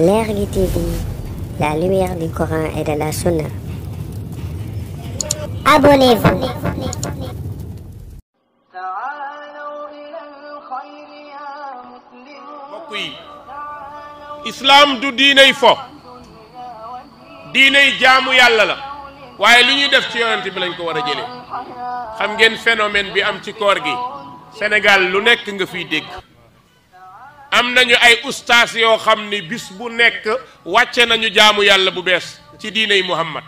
L'Ergue TV, la lumière du Coran et de la Sunna. Abonnez-vous. Islam du diiney fo diiney jaamu yalla la waaye lu def ci yonent bi lañ ko war a xam ngeen phénomène bi am ci koor gi Sénégal lu nekk nga dégg am nañu ay ustaas yoo xam ni bis bu nekk wàcce nañu jaamu yàlla bu bees ci diiney muhammad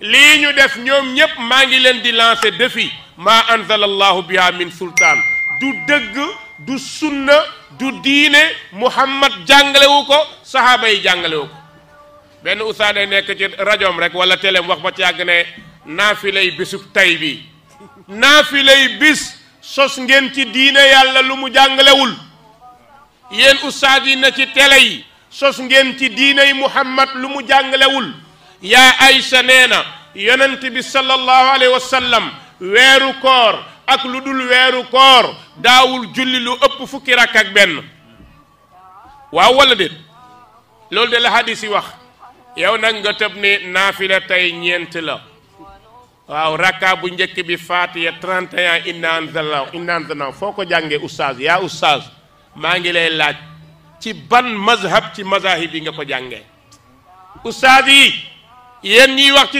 lii ñu def ñoom ñépp maa ngi leen di lancer défi maa anzala allahu biha min sultaan du dëgg du sunna du diine muhammad jàngalewu ko sahaaba yi jàngalewu ko benn ustaas nekk ci rajoom rek wala téléem wax ba ci yàgg ne naafilay bisub tay bi naafilay bis sos ngeen ci diine yàlla lu mu jàngalewul yen ustaas yi na ci télé yi sos ngeen ci diiné muhammad lu mu jàngalewul ya aisha neena yonent bi sallallahu alayhi wa sallam weeru koor ak lu dul weeru koor daawul julli lu ëpp fukki rak ak ben waaw wala déet lol de la hadis yi wax yow nak nga tëb ni nafila tay ñent la waaw rakka bu ñeek bi faatiya 31 inna anzalna inna anzalna foko jangé jàngee ya yaa maa ngi lay laaj ci ban mazhab ci mazahib yi nga ko jàngee ustaas yi yéen ñiy wax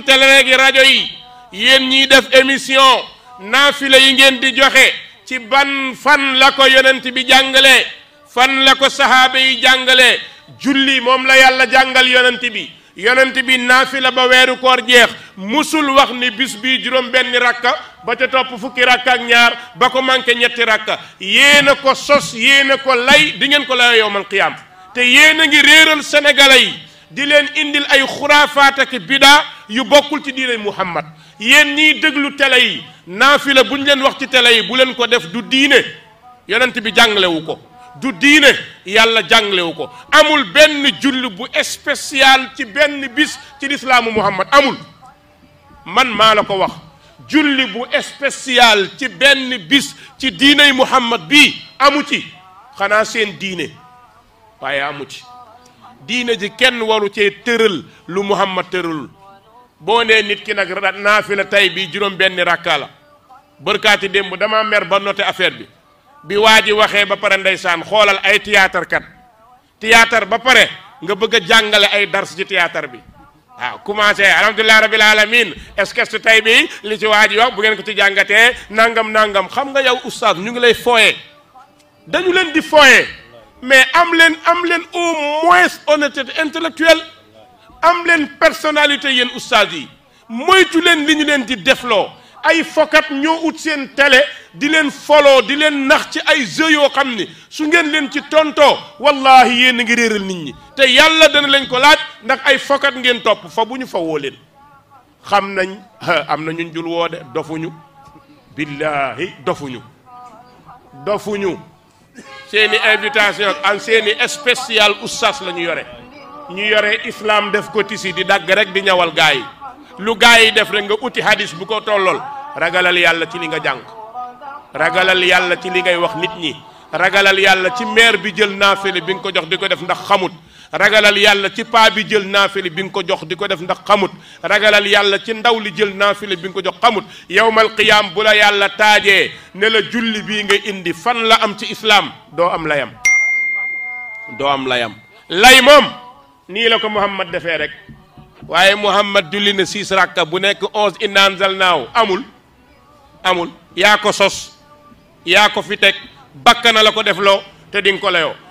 rajo yi yéen ñiy def émission naafila yi ngeen di joxe ci ban fan la ko yonent bi jàngalee fan la ko sahaaba yi jàngalee julli moom la yàlla jàngal yonent bi yonent bi naafila ba weeru koor jeex musul wax ni bis bii juróom benni rakka ba ca topp fukki rakka ak ñaar ba ko manqué ñetti rakka yéen a ko sos yéen a ko lay di ngeen ko layoo yowmal qiyaam te yéen a ngi réeral sénégalais yi di leen indil ay xuraafaat ak bidaa yu bokkul ci diine muhammad yéen ñiy déglu télé yi naafila bu ñu leen wax ci télé yi bu leen ko def du diine yonent bi jàngalewu ko du diine yàlla jàngalewu ko amul benn julli bu spécial ci benn bis ci lislaamu muhammad amul man maa la ko wax julli bu spécial ci benn bis ci diine muhammad bi amu ci xanaa seen diine waaye amu ci diine ji kenn waru cee tëral lu muhammad tëralul boo nee nit ki nag naafila tey bi juróom benn rakka la bërkaati démb dama mer ba noté affaire bi bi waa ji waxee ba pare ndeysaan xoolal ay théâtre kat théâtre ba pare nga bëgg ay dars ci théâtre bi ah commencé alhamdulilah rabil alamin est-ce que li ci bu ngeen ko ci jangate nangam nangam xam nga yow ñu ngi lay dañu leen di mais am leen am moins honnêteté intellectuelle am personnalité moytu leen li ñu leen di ay fokat télé di len foloo di len nax ci ay jeu yo xamni ni su ngeen len ci tonto wallahi yeen ngi reeral nit ñi te yalla dana leen ko laaj ndax ay fokat ngeen top fa buñu fa wo len xam nañ am na ñun jul wo de dofuñu billahi dofuñu dofuñu seeni invitation ak seeni special oustaz lañu yoré ñu yoré islam def ko tisi di dag rek di ñawal gaay lu gaay def rek nga uti hadis bu ko tollol ragalal yalla ci li nga jang ragalal yàlla ci li ngay wax nit ñi ragalal yàlla ci maire bi jël naafile bi ngi ko jox diko def ndax xamut ragalal yàlla ci pa bi jël naafile bi ngi ko jox diko def ndax xamut ragalal yàlla ci ndaw li jël naafile bi ngi ko jox xamut yawmal qiyam bu la yàlla taaje ne la julli bi nga indi fan la am ci islam do am layam do am layam lay mom ni la ko muhammad defé rek waye muhammad julli na six rakka bu nek 11 inanzal naaw amul amul ya ko sos yaa ko fi teg bakka na la ko defloo te di nga ko layoo